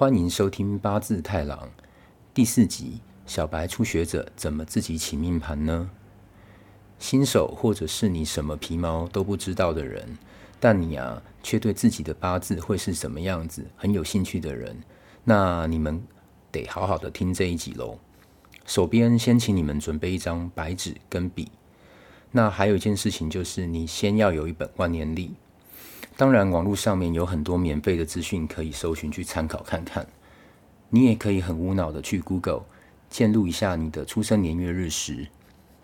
歡迎收聽八字太郎第四集。小白初學者怎麼自己起命盤呢？新手或者是你什麼皮毛都不知道的人，但你啊，卻對自己的八字會是什麼樣子很有興趣的人，那你們得好好的聽這一集嘍。手邊先請你們準備一張白紙跟筆。那還有一件事情，就是你先要有一本萬年曆。當然，網絡上面有很多免費的資訊可以搜尋去參考看看。你也可以很無腦的去 Google 鍵入一下你的出生年月日時，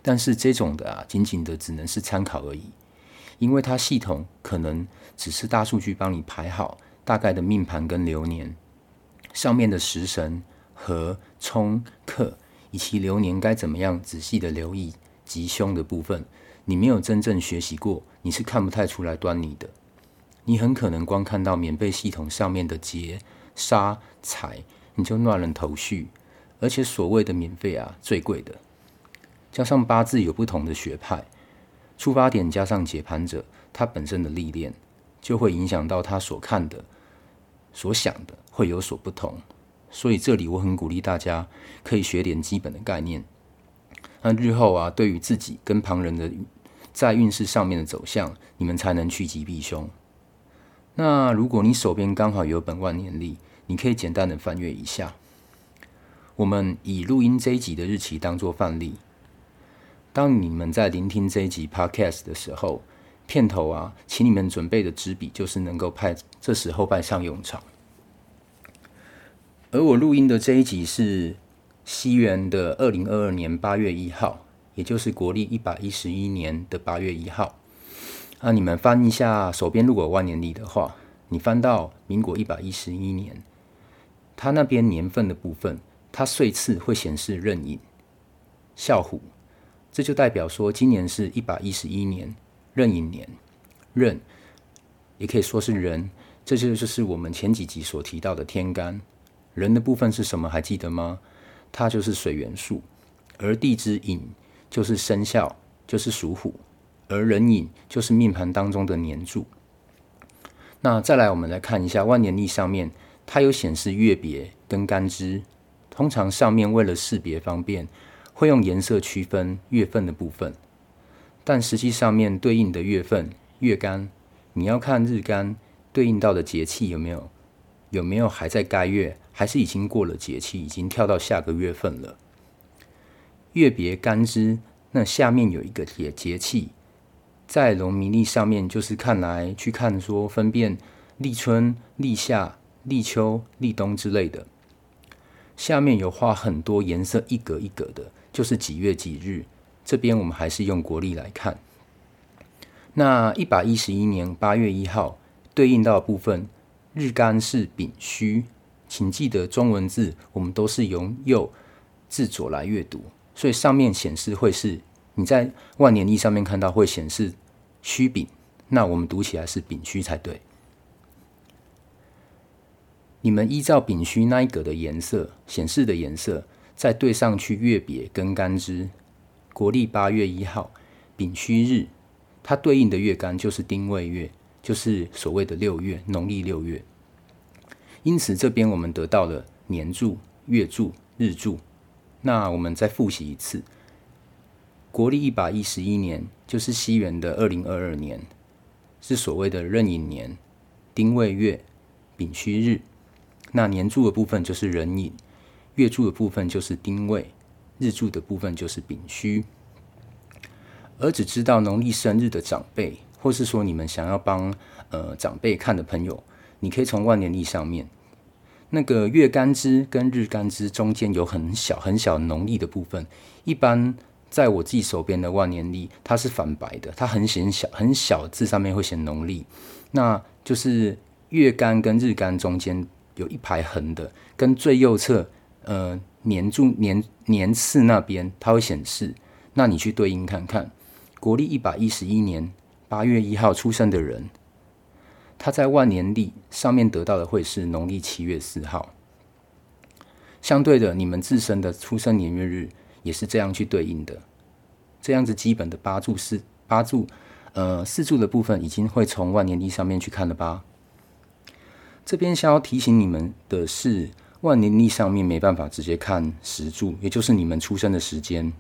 但是這種的啊，僅僅的只能是參考而已，因為它系統可能只是大數據幫你排好大概的命盤跟流年上面的食神和沖剋，以及流年該怎麼樣仔細的留意吉凶的部分，你沒有真正學習過，你是看不太出來端倪的。你很可能光看到免費系統上面的劫、殺、財，你就亂了頭緒。而且所謂的免費啊，最貴的。加上八字有不同的學派，出發點加上解盤者他本身的歷練，就會影響到他所看的、所想的會有所不同。所以這裡我很鼓勵大家可以學點基本的概念，那日後啊，對於自己跟旁人的在運勢上面的走向，你們才能趨吉避凶。那如果你手邊剛好有本萬年曆，你可以簡單的翻閱一下。我們以錄音這一集的日期當做範例。當你們在聆聽這一集 Podcast 的時候，片頭啊，請你們準備的紙筆就是能夠派這時候派上用場。而我錄音的這一集是西元的二零二二年八月一號，也就是國曆一百一十一年的八月一號。那、啊、你們翻一下手邊，如果萬年曆的話，你翻到民國一百一十一年，它那邊年份的部分，它歲次會顯示壬寅、肖虎，這就代表說今年是一百一十一年，壬寅年，壬，也可以說是人，這些就是我們前幾集所提到的天干，人的部分是什麼？還記得嗎？它就是水元素，而地支寅就是生肖，就是屬虎。而人影就是命盤當中的年柱。那再來，我們來看一下萬年曆上面，它有顯示月別跟干支。通常上面為了識別方便，會用顏色區分月份的部分。但實際上面對應的月份、月干，你要看日干對應到的節氣有沒有，有沒有還在該月，還是已經過了節氣，已經跳到下個月份了。月別干支，那下面有一個節節氣。在農曆上面，就是看來去看說分辨立春、立夏、立秋、立冬之類的。下面有畫很多顏色，一格一格的，就是幾月幾日。這邊我們還是用國曆來看。那一百一十一年八月一號對應到的部分，日干是丙戌，請記得中文字我們都是由右至左來閱讀，所以上面顯示會是。你在萬年曆上面看到會顯示戌丙，那我們讀起來是丙戌才對。你們依照丙戌那一格的顏色顯示的顏色，再對上去月別跟干支。國曆八月一號，丙戌日，它對應的月干就是丁未月，就是所謂的六月，農曆六月。因此這邊我們得到了年柱、月柱、日柱。那我們再複習一次。國歷一百一十一年，就是西元的二零二二年，是所謂的壬寅年、丁未月、丙戌日。那年柱的部分就是壬寅，月柱的部分就是丁未，日柱的部分就是丙戌。而只知道農曆生日的長輩，或是說你們想要幫呃長輩看的朋友，你可以從萬年曆上面，那個月干支跟日干支中間有很小很小農曆的部分，一般。在我自己手邊的萬年曆，它是反白的，它很顯小，很小字上面會顯農曆，那就是月干跟日干中間有一排橫的，跟最右側，呃，年柱年年次那邊它會顯示，那你去對應看看，國曆一百一十一年八月一號出生的人，他在萬年曆上面得到的會是農曆七月四號，相對的，你們自身的出生年月日，也是這樣去對應的，這樣子基本的八柱是八柱，呃，四柱的部分已經會從萬年曆上面去看了吧？這邊想要提醒你們的是，萬年曆上面沒辦法直接看時柱，也就是你們出生的時間，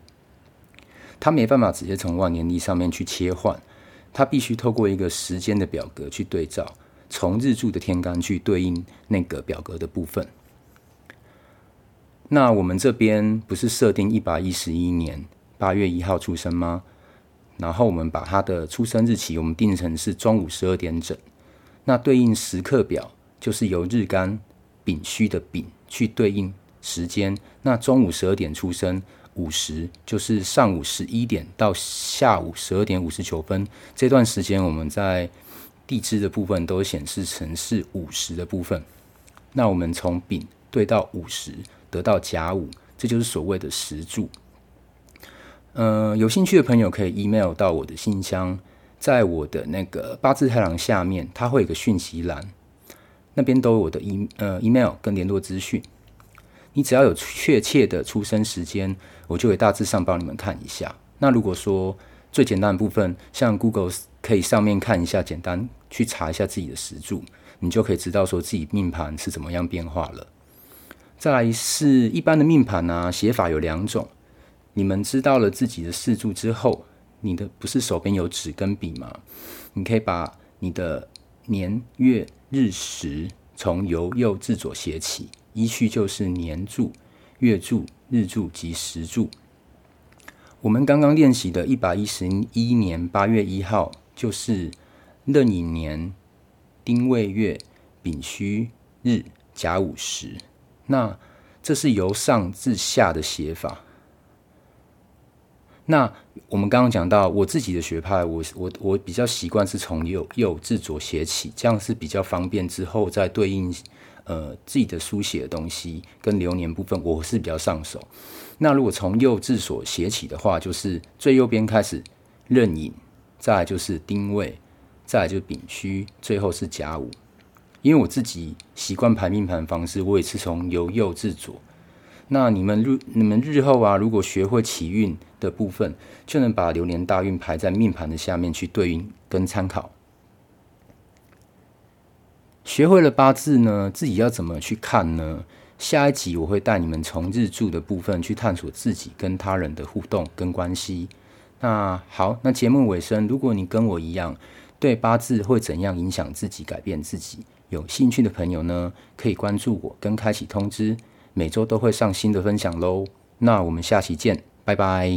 它沒辦法直接從萬年曆上面去切換，它必須透過一個時間的表格去對照，從日柱的天干去對應那個表格的部分。那我們這邊不是設定一百一十一年八月一號出生嗎？然後我們把他的出生日期我們定成是中午十二點整。那對應時刻表就是由日干丙戌的丙去對應時間。那中午十二點出生，午時就是上午十一點到下午十二點五十九分這段時間，我們在地支的部分都顯示成是午時的部分。那我們從丙對到午時。得到甲午，這就是所謂的時柱。嗯、呃，有興趣的朋友可以 email 到我的信箱，在我的那個八字太郎下面，它會有一個訊息欄，那邊都有我的 e 呃 email 跟聯絡資訊。你只要有確切的出生時間，我就會大致上幫你們看一下。那如果說最簡單的部分，像 Google 可以上面看一下，簡單去查一下自己的時柱，你就可以知道說自己命盤是怎麼樣變化了。再來是一般的命盤啊，寫法有兩種。你們知道了自己的四柱之後，你的不是手邊有紙跟筆嗎？你可以把你的年月日時從由右至左寫起，依序就是年柱、月柱、日柱及時柱。我們剛剛練習的一百一十一年八月一號，就是壬寅年、丁未月、丙戌日、甲午時。那這是由上至下的寫法。那我們剛剛講到我自己的學派，我我我比較習慣是從右右至左寫起，這樣是比較方便之後再對應呃自己的書寫的東西跟流年部分，我是比較上手。那如果從右至左寫起的話，就是最右邊開始壬寅，再就是丁未，再就是丙戌，最後是甲午。因為我自己習慣排命盤方式，我也是從由右至左。那你們日你們日後啊，如果學會起運的部分，就能把流年大運排在命盤的下面去對應跟參考。學會了八字呢，自己要怎麼去看呢？下一集我會帶你們從日柱的部分去探索自己跟他人的互動跟關係。那好，那節目尾聲，如果你跟我一樣，對八字會怎樣影響自己、改變自己？有興趣的朋友呢，可以關注我跟開啟通知，每周都會上新的分享嘍。那我們下期見，拜拜。